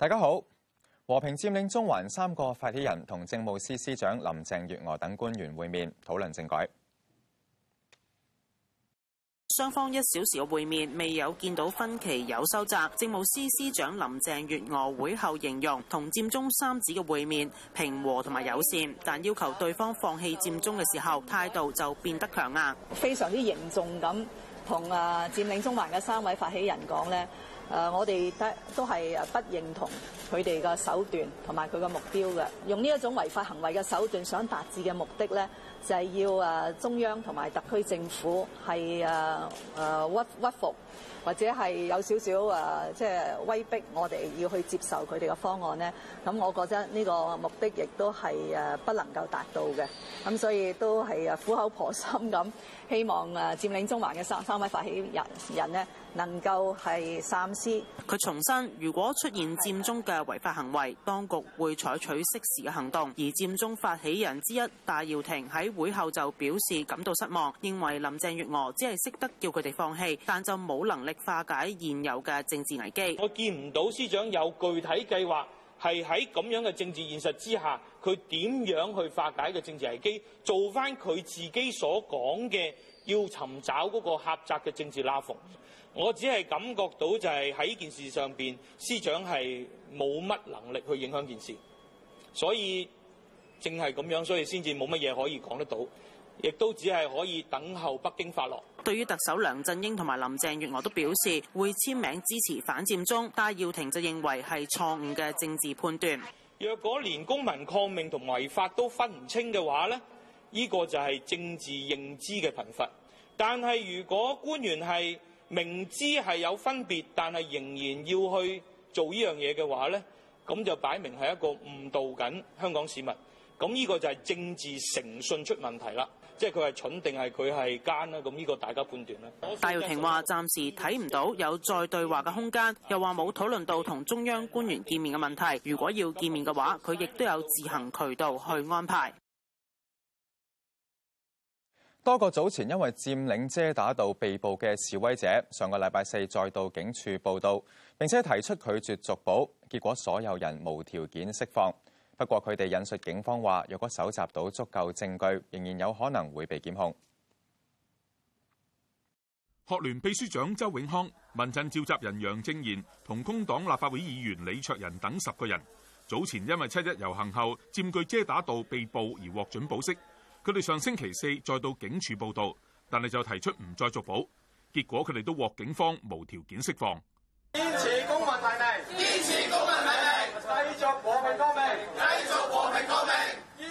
大家好，和平佔領中環三個發起人同政務司司長林鄭月娥等官員會面討論政改。雙方一小時嘅會面未有見到分歧有收窄。政務司司長林鄭月娥會後形容同佔中三子嘅會面平和同埋友善，但要求對方放棄佔中嘅時候態度就變得強硬，非常之凝重咁同啊佔領中環嘅三位發起人講呢。誒，我哋得都係誒不認同佢哋嘅手段同埋佢嘅目標嘅，用呢一種違法行為嘅手段想達至嘅目的咧，就係要誒中央同埋特區政府係誒誒屈屈服，或者係有少少誒即係威逼我哋要去接受佢哋嘅方案咧。咁我覺得呢個目的亦都係誒不能夠達到嘅。咁所以都係誒苦口婆心咁，希望誒佔領中環嘅三三位發起人人咧。能夠係三思。佢重申，如果出現佔中嘅違法行為，當局會採取適時嘅行動。而佔中發起人之一戴耀廷喺會後就表示感到失望，認為林鄭月娥只係識得叫佢哋放棄，但就冇能力化解現有嘅政治危機。我見唔到司長有具體計劃。係喺咁樣嘅政治現實之下，佢點樣去化解嘅政治危機，做翻佢自己所講嘅要尋找嗰個狹窄嘅政治拉鋒？我只係感覺到就係喺件事上邊，司長係冇乜能力去影響件事，所以正係淨係咁樣，所以先至冇乜嘢可以講得到。亦都只係可以等候北京發落。對於特首梁振英同埋林鄭月娥都表示會簽名支持反佔中，戴耀廷就認為係錯誤嘅政治判斷。若果連公民抗命同違法都分唔清嘅話呢依、呢個就係政治認知嘅貧乏。但係如果官員係明知係有分別，但係仍然要去做呢樣嘢嘅話呢，咁就擺明係一個誤導緊香港市民。咁呢個就係政治誠信出問題啦，即係佢係蠢定係佢係奸咧？咁呢個大家判斷咧。戴耀廷話：暫時睇唔到有再對話嘅空間，又話冇討論到同中央官員見面嘅問題。如果要見面嘅話，佢亦都有自行渠道去安排。多個早前因為佔領遮打道被捕嘅示威者，上個禮拜四再到警署報到，並且提出拒絕續保，結果所有人無條件釋放。不過佢哋引述警方話：若果搜集到足夠證據，仍然有可能會被檢控。學聯秘書長周永康、民陣召集人楊正賢、同工黨立法會議員李卓人等十個人，早前因為七一遊行後佔據遮打道被捕而獲准保釋。佢哋上星期四再到警署報到，但係就提出唔再續保，結果佢哋都獲警方無條件釋放。堅持公民提名，堅持公民提名，繼續我哋。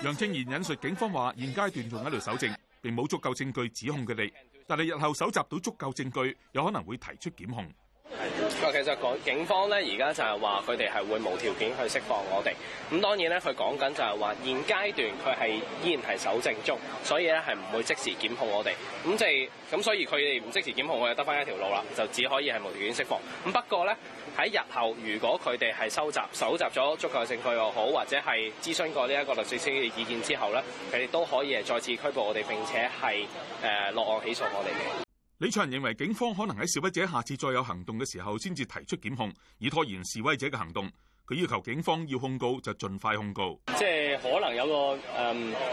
楊清賢引述警方話：現階段仲喺度搜證，並冇足夠證據指控佢哋，但係日後搜集到足夠證據，有可能會提出檢控。係其實港警方咧，而家就係話佢哋係會無條件去釋放我哋。咁當然咧，佢講緊就係話現階段佢係依然係搜證中，所以咧係唔會即時檢控我哋。咁即係咁，所以佢哋唔即時檢控我哋，得返一條路啦，就只可以係無條件釋放。咁不過咧。喺日後，如果佢哋係收集蒐集咗足夠嘅證據又好，或者係諮詢過呢一個律政司嘅意見之後咧，佢哋都可以係再次拘捕我哋，並且係誒落案起訴我哋嘅。李卓人認為警方可能喺示威者下次再有行動嘅時候先至提出檢控，以拖延示威者嘅行動。佢要求警方要控告就盡快控告，即係可能有個誒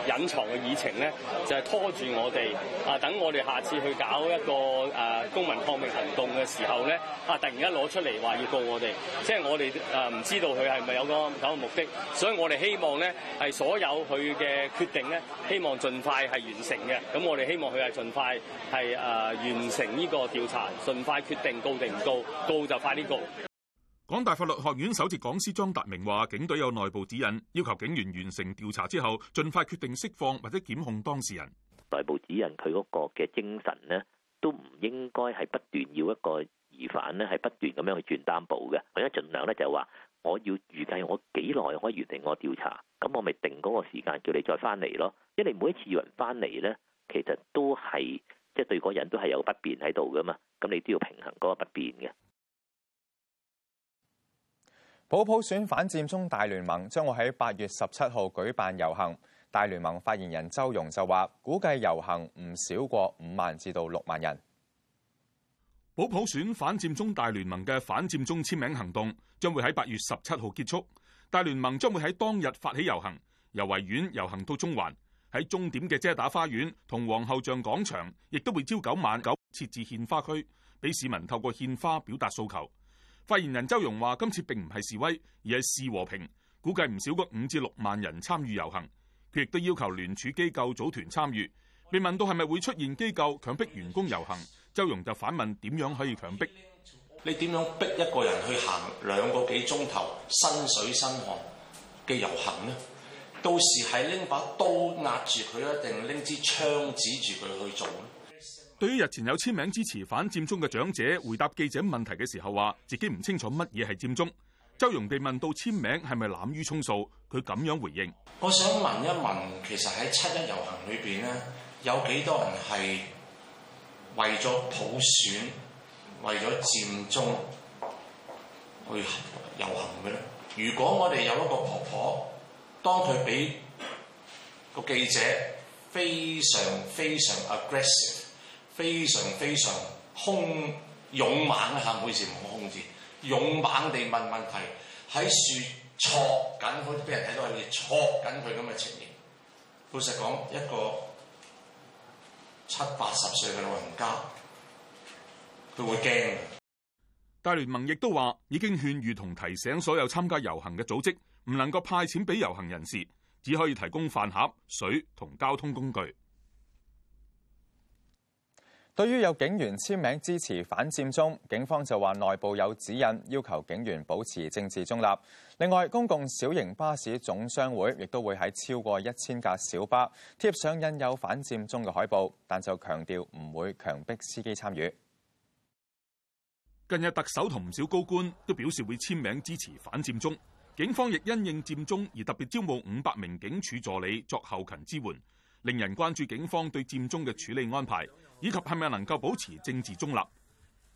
隱藏嘅議程咧，就係拖住我哋啊，等我哋下次去搞一個誒公民抗命行動嘅時候咧，啊突然間攞出嚟話要告我哋，即係我哋誒唔知道佢係咪有個搞個目的，所以我哋希望咧係所有佢嘅決定咧，希望盡快係完成嘅，咁我哋希望佢係盡快係誒完成呢個調查，盡快決定告定唔告，告就快啲告。港大法律學院首席講師莊達明話：警隊有內部指引，要求警員完成調查之後，盡快決定釋放或者檢控當事人。內部指引佢嗰個嘅精神咧，都唔應該係不斷要一個疑犯咧，係不斷咁樣去轉擔保嘅。我而家盡量咧就話，我要預計我幾耐可以完成我調查，咁我咪定嗰個時間叫你再翻嚟咯。因為你每一次要人翻嚟咧，其實都係即係對嗰人都係有不便喺度噶嘛。咁你都要平衡嗰個不便嘅。普普選反佔中大聯盟將會喺八月十七號舉辦遊行，大聯盟發言人周融就話，估計遊行唔少過五萬至到六萬人。普普選反佔中大聯盟嘅反佔中簽名行動將會喺八月十七號結束，大聯盟將會喺當日發起遊行，由維園遊行到中環，喺終點嘅遮打花園同皇后像廣場，亦都會朝九晚九設置獻花區，俾市民透過獻花表達訴求。發言人周融話：今次並唔係示威，而係示和平。估計唔少過五至六萬人參與遊行。佢亦都要求聯署機構組團參與。被問到係咪會出現機構強迫員工遊行，周融就反問：點樣可以強迫？你點樣逼一個人去行兩個幾鐘頭，身水身汗嘅遊行呢？到時係拎把刀壓住佢啊，定拎支槍指住佢去做呢？對於日前有簽名支持反佔中嘅長者回答記者問題嘅時候，話自己唔清楚乜嘢係佔中。周融被問到簽名係咪濫竽充數，佢咁樣回應：我想問一問，其實喺七一遊行裏邊咧，有幾多人係為咗普選、為咗佔中去遊行嘅咧？如果我哋有一個婆婆，當佢俾個記者非常非常 aggressive。非常非常兇勇猛啊！每次冇空字，勇猛地問問題，喺樹戳緊，好似俾人睇到係你戳緊佢咁嘅情形。老實講，一個七八十歲嘅老人家，都會驚。大聯盟亦都話已經勸喻同提醒所有參加遊行嘅組織，唔能夠派錢俾遊行人士，只可以提供飯盒、水同交通工具。對於有警員簽名支持反佔中，警方就話內部有指引，要求警員保持政治中立。另外，公共小型巴士總商會亦都會喺超過一千架小巴貼上印有反佔中嘅海報，但就強調唔會強迫司機參與。近日特首同唔少高官都表示會簽名支持反佔中，警方亦因應佔中而特別招募五百名警署助理作後勤支援，令人關注警方對佔中嘅處理安排。以及係咪能夠保持政治中立？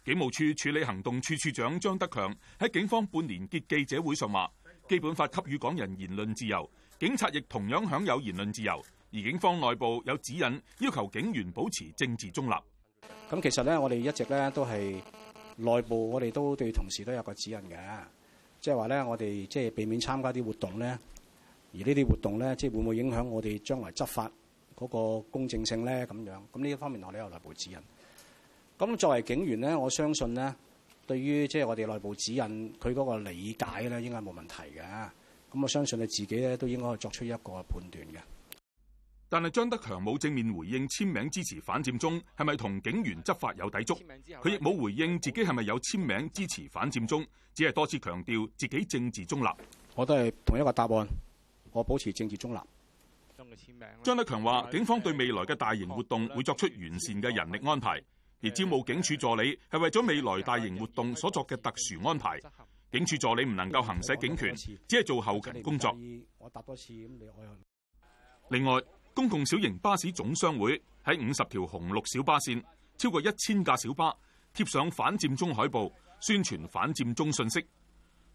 警務處處理行動處處長張德強喺警方半年結記者會上話，基本法給予港人言論自由，警察亦同樣享有言論自由，而警方內部有指引，要求警員保持政治中立。咁其實呢，我哋一直呢都係內部，我哋都對同事都有個指引嘅，即係話呢，我哋即係避免參加啲活動呢。而呢啲活動呢，即係會唔會影響我哋將來執法？嗰個公正性咧咁樣，咁呢一方面我哋有內部指引。咁作為警員咧，我相信咧，對於即係我哋內部指引佢嗰個理解咧，應該冇問題嘅。咁我相信你自己咧，都應該作出一個判斷嘅。但係張德強冇正面回應簽名支持反佔中係咪同警員執法有抵觸？佢亦冇回應自己係咪有簽名支持反佔中，只係多次強調自己政治中立。我都係同一個答案，我保持政治中立。張德強話：警方對未來嘅大型活動會作出完善嘅人力安排，而招募警署助理係為咗未來大型活動所作嘅特殊安排。警署助理唔能夠行使警權，只係做後勤工作。另外，公共小型巴士總商會喺五十條紅綠小巴線，超過一千架小巴，貼上反佔中海報，宣傳反佔中信息。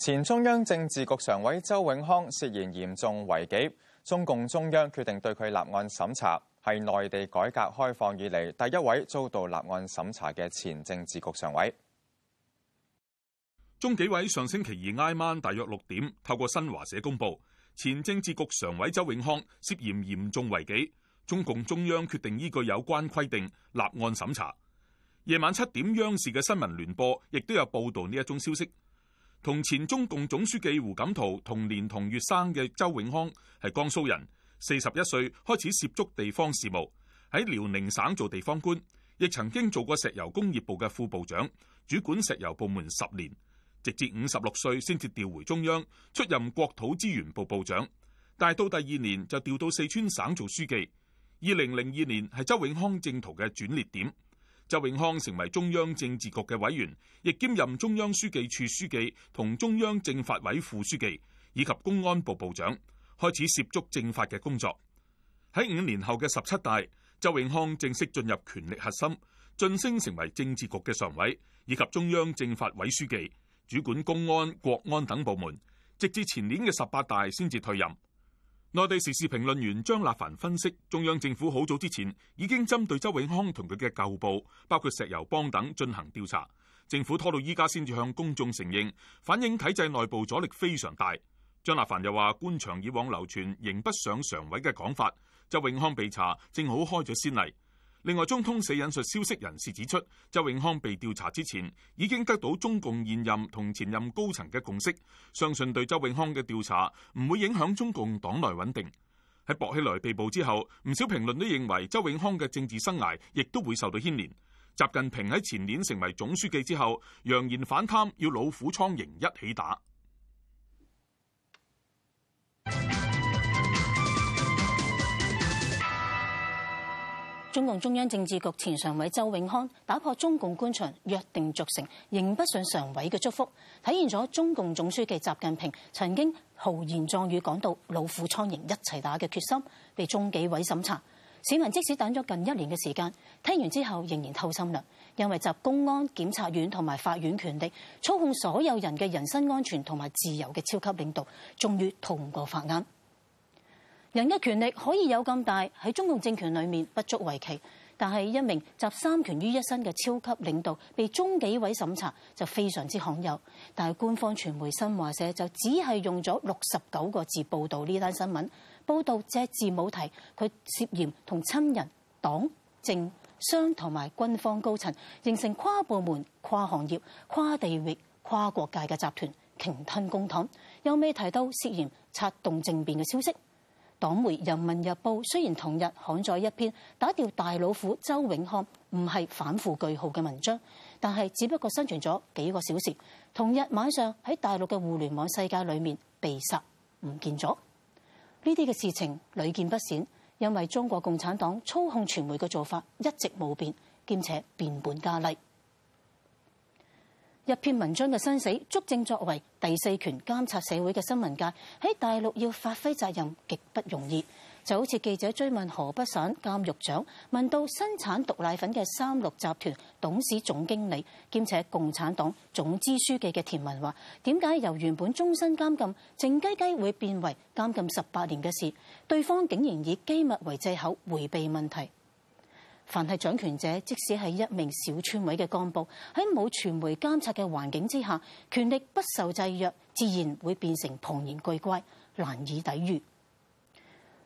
前中央政治局常委周永康涉嫌嚴重違紀，中共中央決定對佢立案審查，係內地改革開放以嚟第一位遭到立案審查嘅前政治局常委。中紀委上星期二挨晚大約六點透過新華社公佈，前政治局常委周永康涉嫌嚴重違紀，中共中央決定依據有關規定立案審查。夜晚七點，央視嘅新聞聯播亦都有報道呢一宗消息。同前中共總書記胡錦濤同年同月生嘅周永康係江蘇人，四十一歲開始涉足地方事務，喺遼寧省做地方官，亦曾經做過石油工業部嘅副部長，主管石油部門十年，直至五十六歲先至調回中央出任國土資源部部長，但係到第二年就調到四川省做書記。二零零二年係周永康政途嘅轉捩點。周永康成為中央政治局嘅委員，亦兼任中央書記處書，書記同中央政法委副書記以及公安部部長，開始涉足政法嘅工作。喺五年後嘅十七大，周永康正式進入權力核心，晉升成為政治局嘅常委以及中央政法委書記，主管公安、國安等部門，直至前年嘅十八大先至退任。內地時事評論員張立凡分析，中央政府好早之前已經針對周永康同佢嘅舊部，包括石油幫等進行調查，政府拖到依家先至向公眾承認，反映體制內部阻力非常大。張立凡又話，官場以往流傳刑不上常委嘅講法，周永康被查正好開咗先例。另外，中通社引述消息人士指出，周永康被調查之前，已經得到中共現任同前任高層嘅共識，相信對周永康嘅調查唔會影響中共黨內穩定。喺薄熙來被捕之後，唔少評論都認為周永康嘅政治生涯亦都會受到牽連。習近平喺前年成為總書記之後，揚言反貪要老虎蒼蠅一起打。中共中央政治局前常委周永康打破中共官場約定俗成，刑不上常委嘅祝福，體現咗中共總書記習近平曾經豪言壯語講到老虎蒼蠅一齊打嘅決心，被中紀委審查。市民即使等咗近一年嘅時間聽完之後仍然透心涼，因為集公安、檢察院同埋法院權力操控所有人嘅人身安全同埋自由嘅超級領導終於逃唔過法眼。人嘅權力可以有咁大，喺中共政權裏面不足為奇，但係一名集三權於一身嘅超級領導被中紀委審查就非常之罕有。但係官方傳媒新華社就只係用咗六十九個字報導呢單新聞，報導隻字冇提佢涉嫌同親人、黨政商同埋軍方高層形成跨部門、跨行業、跨地域、跨國界嘅集團，鯨吞公帑，又未提到涉嫌策動政變嘅消息。黨媒《人民日報》雖然同日刊載一篇打掉大老虎周永康唔係反腐句號嘅文章，但係只不過生存咗幾個小時，同日晚上喺大陸嘅互聯網世界裏面被殺唔見咗。呢啲嘅事情屢見不鮮，因為中國共產黨操控傳媒嘅做法一直冇變，兼且變本加厲。一篇文章嘅生死，足證作為第四權監察社會嘅新聞界喺大陸要發揮責任極不容易。就好似記者追問河北省監獄長，問到生產毒奶粉嘅三鹿集團董事總經理兼且共產黨總支書記嘅田文話，點解由原本終身監禁靜雞雞會變為監禁十八年嘅事？對方竟然以機密為借口回避問題凡係掌權者，即使係一名小村委嘅幹部，喺冇傳媒監察嘅環境之下，權力不受制約，自然會變成龐然巨怪，難以抵禦。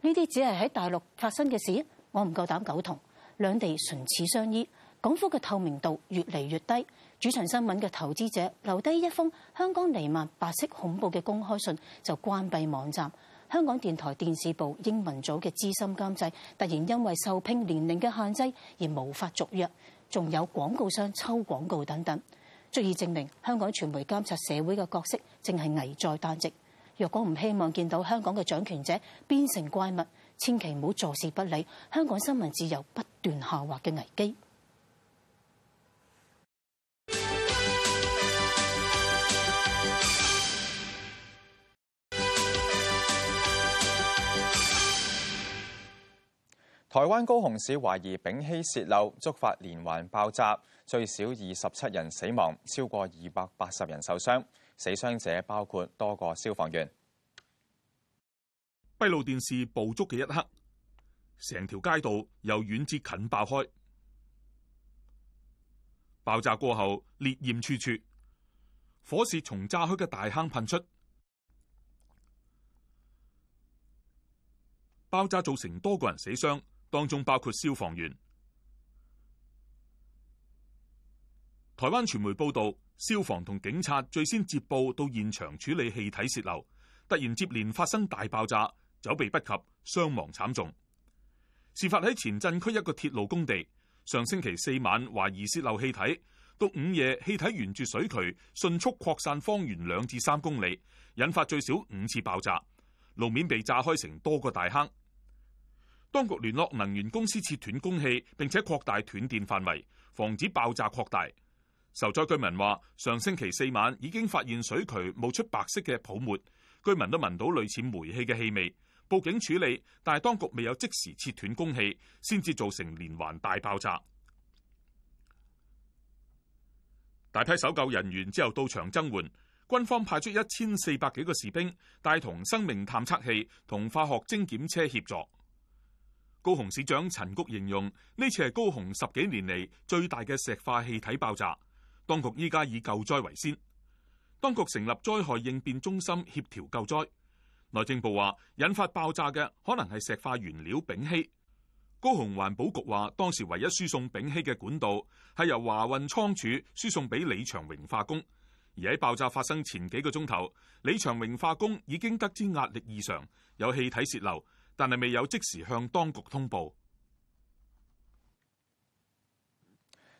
呢啲只係喺大陸發生嘅事，我唔夠膽苟同。兩地唇齒相依，港府嘅透明度越嚟越低。主場新聞嘅投資者留低一封香港瀰漫白色恐怖嘅公開信，就關閉網站。香港電台電視部英文組嘅資深監製突然因為受聘年齡嘅限制而無法續約，仲有廣告商抽廣告等等，足以證明香港傳媒監察社會嘅角色正係危在旦夕。若果唔希望見到香港嘅掌權者變成怪物，千祈唔好坐視不理，香港新聞自由不斷下滑嘅危機。台灣高雄市懷疑丙烯泄漏，觸發連環爆炸，最少二十七人死亡，超過二百八十人受傷，死傷者包括多個消防員。閉路電視捕捉嘅一刻，成條街道由遠至近爆開，爆炸過後烈焰處處，火舌從炸開嘅大坑噴出，爆炸造成多個人死傷。當中包括消防員。台灣傳媒報道，消防同警察最先接報到現場處理氣體泄漏，突然接連發生大爆炸，走避不及，傷亡慘重。事發喺前鎮區一個鐵路工地，上星期四晚懷疑泄漏氣體，到午夜氣體沿住水渠迅速擴散，方圓兩至三公里，引發最少五次爆炸，路面被炸開成多個大坑。當局聯絡能源公司切斷供氣，並且擴大斷電範圍，防止爆炸擴大。受災居民話：上星期四晚已經發現水渠冒出白色嘅泡沫，居民都聞到類似煤氣嘅氣味，報警處理，但係當局未有即時切斷供氣，先至造成連環大爆炸。大批搜救人員之後到場增援，軍方派出一千四百幾個士兵，帶同生命探測器同化學精檢車協助。高雄市長陳菊形容呢次係高雄十幾年嚟最大嘅石化氣體爆炸，當局依家以救災為先。當局成立災害應變中心協調救災。內政部話引發爆炸嘅可能係石化原料丙烯。高雄環保局話當時唯一輸送丙烯嘅管道係由華運倉儲輸送俾李長榮化工，而喺爆炸發生前幾個鐘頭，李長榮化工已經得知壓力異常，有氣體泄漏。但係未有即時向當局通報。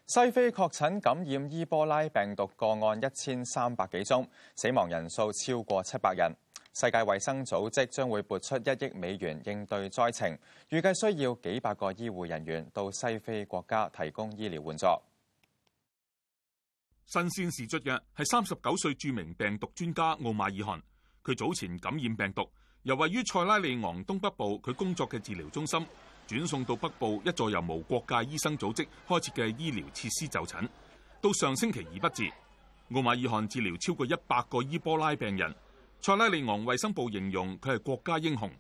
西非確診感染伊波拉病毒個案一千三百幾宗，死亡人數超過七百人。世界衛生組織將會撥出一億美元應對災情，預計需要幾百個醫護人員到西非國家提供醫療援助。新鮮事卒嘅係三十九歲著名病毒專家奧馬爾汗，佢早前感染病毒，由位於塞拉利昂東北部佢工作嘅治療中心轉送到北部一座由無國界醫生組織開設嘅醫療設施就診，到上星期二不治。奧馬爾汗治療超過一百個伊波拉病人。塞拉利昂衛生部形容佢係國家英雄。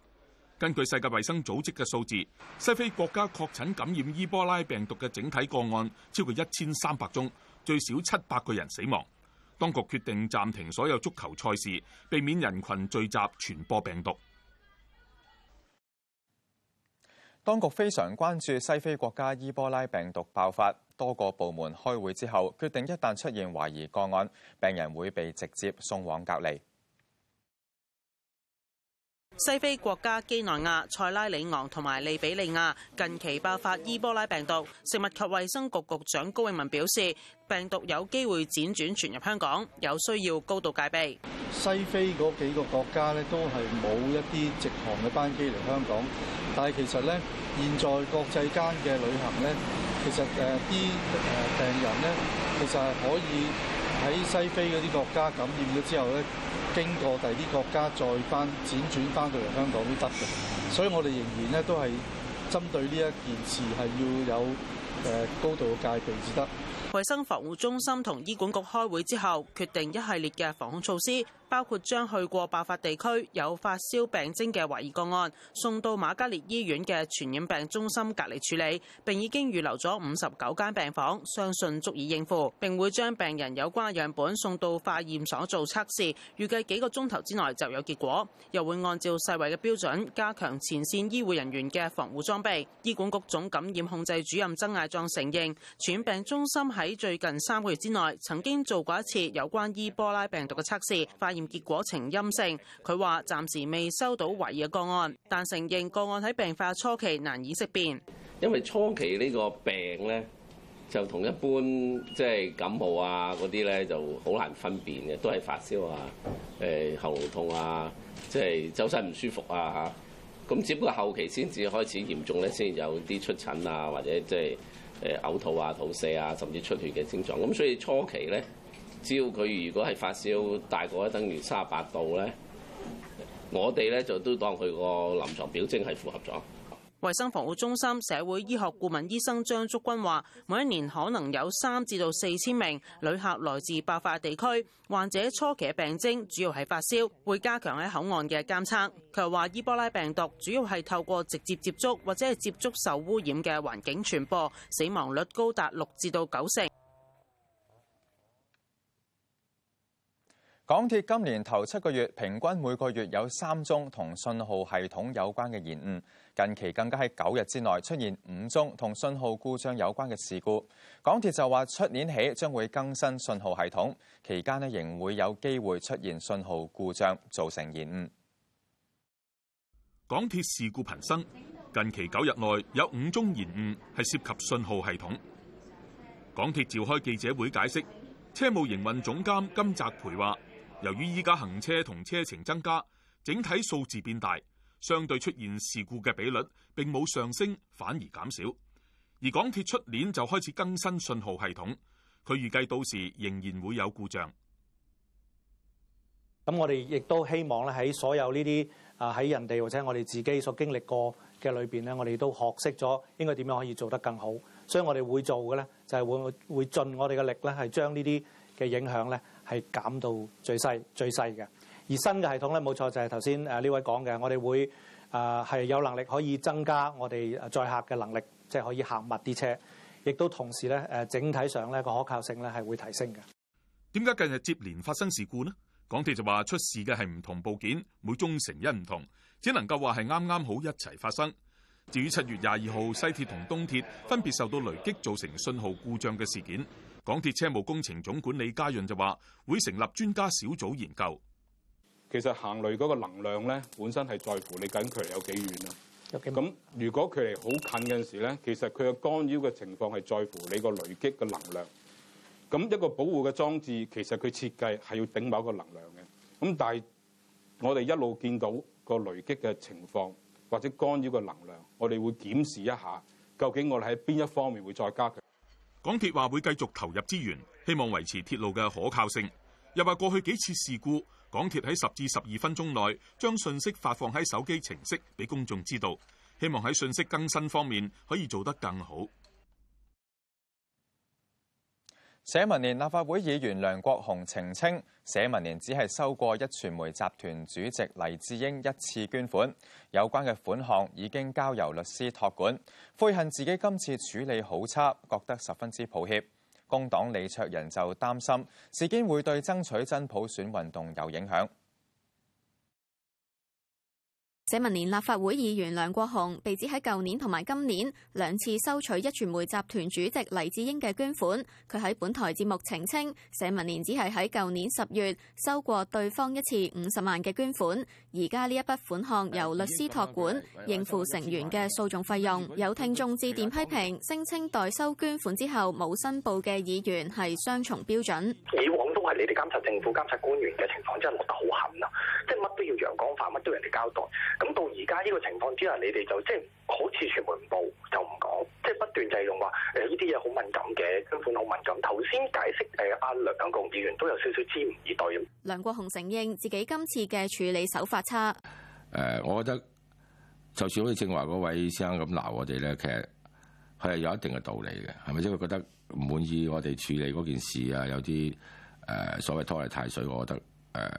根據世界衛生組織嘅數字，西非國家確診感染伊波拉病毒嘅整體個案超過一千三百宗，最少七百個人死亡。當局決定暫停所有足球賽事，避免人群聚集傳播病毒。當局非常關注西非國家伊波拉病毒爆發，多個部門開會之後，決定一旦出現懷疑個案，病人會被直接送往隔離。西非國家基奈亞、塞拉利昂同埋利比里亞近期爆發伊波拉病毒，食物及衛生局局長高永文表示，病毒有機會輾轉傳入香港，有需要高度戒備。西非嗰幾個國家咧，都係冇一啲直航嘅班機嚟香港，但係其實呢，現在國際間嘅旅行呢，其實誒啲誒病人呢，其實係可以喺西非嗰啲國家感染咗之後呢，經過第二啲國家再翻輾轉翻到嚟香港都得嘅，所以我哋仍然咧都係針對呢一件事係要有誒高度嘅戒備至得。衞生防護中心同醫管局開會之後，決定一系列嘅防控措施。包括將去過爆發地區有發燒病徵嘅懷疑個案送到瑪嘉烈醫院嘅傳染病中心隔離處理，並已經預留咗五十九間病房，相信足以應付。並會將病人有關樣本送到化驗所做測試，預計幾個鐘頭之內就有結果。又會按照世衛嘅標準加強前線醫護人員嘅防護裝備。醫管局總感染控制主任曾艾壯承認傳染病中心喺最近三個月之內曾經做過一次有關伊波拉病毒嘅測試，發現結果呈陰性，佢話暫時未收到懷疑嘅個案，但承認個案喺病發初期難以識別，因為初期呢個病咧就同一般即係、就是、感冒啊嗰啲咧就好難分辨嘅，都係發燒啊、誒、呃、喉痛啊、即、就、係、是、周身唔舒服啊，咁只不過後期先至開始嚴重咧，先有啲出疹啊或者即係誒嘔吐啊、肚瀉啊甚至出血嘅症狀，咁所以初期咧。只要佢如果係發燒大過一等於三十八度咧，我哋咧就都當佢個臨床表徵係符合咗。衛生防護中心社會醫學顧問醫生張竹君話：每一年可能有三至到四千名旅客來自爆發地區，患者初期嘅病徵主要係發燒，會加強喺口岸嘅監測，佢話伊波拉病毒主要係透過直接接觸或者係接觸受污染嘅環境傳播，死亡率高達六至到九成。港鐵今年頭七個月平均每個月有三宗同信號系統有關嘅延誤，近期更加喺九日之內出現五宗同信號故障有關嘅事故。港鐵就話出年起將會更新信號系統，期間呢仍會有機會出現信號故障造成延誤。港鐵事故頻生，近期九日內有五宗延誤係涉及信號系統。港鐵召開記者會解釋，車務營運總監金澤培話。由於依家行車同車程增加，整體數字變大，相對出現事故嘅比率並冇上升，反而減少。而港鐵出年就開始更新訊號系統，佢預計到時仍然會有故障。咁我哋亦都希望咧，喺所有呢啲啊喺人哋或者我哋自己所經歷過嘅裏邊咧，我哋都學識咗應該點樣可以做得更好。所以我哋會做嘅咧，就係、是、會會盡我哋嘅力咧，係將呢啲嘅影響咧。係減到最細、最細嘅。而新嘅系統咧，冇錯就係頭先誒呢位講嘅，我哋會誒係、呃、有能力可以增加我哋載客嘅能力，即係可以行密啲車，亦都同時咧誒整體上咧個可靠性咧係會提升嘅。點解近日接連發生事故呢？港鐵就話出事嘅係唔同部件，每宗成因唔同，只能夠話係啱啱好一齊發生。至於七月廿二號西鐵同東鐵分別受到雷擊造成信號故障嘅事件。港鐵車務工程總管李嘉潤就話，會成立專家小組研究。其實行雷嗰個能量咧，本身係在乎你近距離有幾遠啦。咁如果距離好近嗰陣時咧，其實佢嘅干擾嘅情況係在乎你個雷擊嘅能量。咁一個保護嘅裝置，其實佢設計係要頂某一個能量嘅。咁但係我哋一路見到個雷擊嘅情況或者干擾嘅能量，我哋會檢視一下，究竟我哋喺邊一方面會再加強。港鐵話會繼續投入資源，希望維持鐵路嘅可靠性。又話過去幾次事故，港鐵喺十至十二分鐘內將信息發放喺手機程式，俾公眾知道。希望喺信息更新方面可以做得更好。社民連立法會議員梁國雄澄清，社民連只係收過一傳媒集團主席黎智英一次捐款，有關嘅款項已經交由律師託管，悔恨自己今次處理好差，覺得十分之抱歉。工黨李卓人就擔心事件會對爭取真普選運動有影響。社民連立法會議員梁國雄被指喺舊年同埋今年兩次收取壹傳媒集團主席黎智英嘅捐款，佢喺本台節目澄清，社民連只係喺舊年十月收過對方一次五十萬嘅捐款，而家呢一筆款項由律師託管，應付成員嘅訴訟費用。有聽眾致電批評，聲稱代收捐款之後冇申報嘅議員係雙重標準。以往都係你哋監察政府、監察官員嘅情況，真係落得好狠啊！即係乜都要陽光化，乜都要人哋交代。咁到而家呢個情況之下，你哋就即係好似傳媒唔報就唔講，即、就、係、是、不斷製用話誒呢啲嘢好敏感嘅，根本好敏感。頭先解釋誒阿梁國雄議員都有少少支吾以對。梁國雄承認自己今次嘅處理手法差。誒、呃，我覺得就算好似正華嗰位先生咁鬧我哋咧，其實佢係有一定嘅道理嘅，係咪因佢覺得唔滿意我哋處理嗰件事啊，有啲誒、呃、所謂拖泥帶水，我覺得誒。呃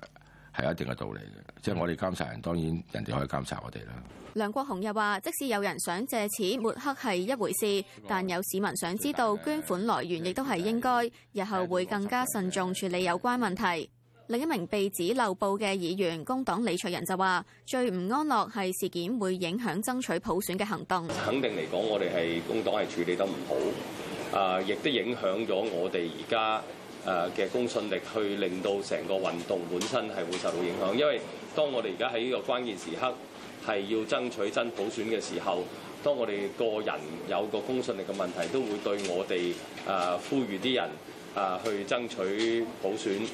係一定嘅道理嘅，即係我哋監察人，當然人哋可以監察我哋啦。梁國雄又話：即使有人想借此抹黑係一回事，但有市民想知道捐款來源，亦都係應該。日後會更加慎重處理有關問題。另一名被指漏報嘅議員工黨李卓人就話：最唔安樂係事件會影響爭取普選嘅行動。肯定嚟講，我哋係工黨係處理得唔好，啊，亦都影響咗我哋而家。誒嘅公信力去令到成個運動本身係會受到影響，因為當我哋而家喺呢個關鍵時刻係要爭取真普選嘅時候，當我哋個人有個公信力嘅問題，都會對我哋誒呼籲啲人誒去爭取普選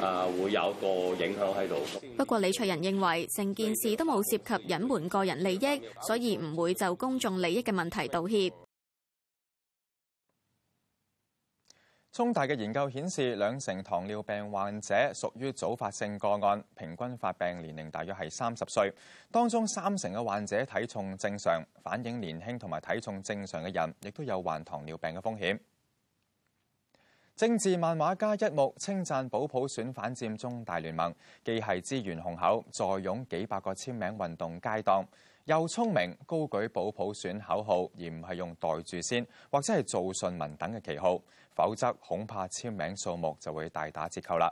誒會有一個影響喺度。不過李卓人認為成件事都冇涉及隱瞞個人利益，所以唔會就公眾利益嘅問題道歉。中大嘅研究顯示，兩成糖尿病患者屬於早發性個案，平均發病年齡大約係三十歲。當中三成嘅患者體重正常，反映年輕同埋體重正常嘅人，亦都有患糖尿病嘅風險。政治漫畫家一目稱讚保普選反佔中大聯盟，既係資源雄厚，再擁幾百個簽名運動街檔，又聰明高舉保普選口號，而唔係用袋住先或者係做順民等嘅旗號，否則恐怕簽名數目就會大打折扣啦。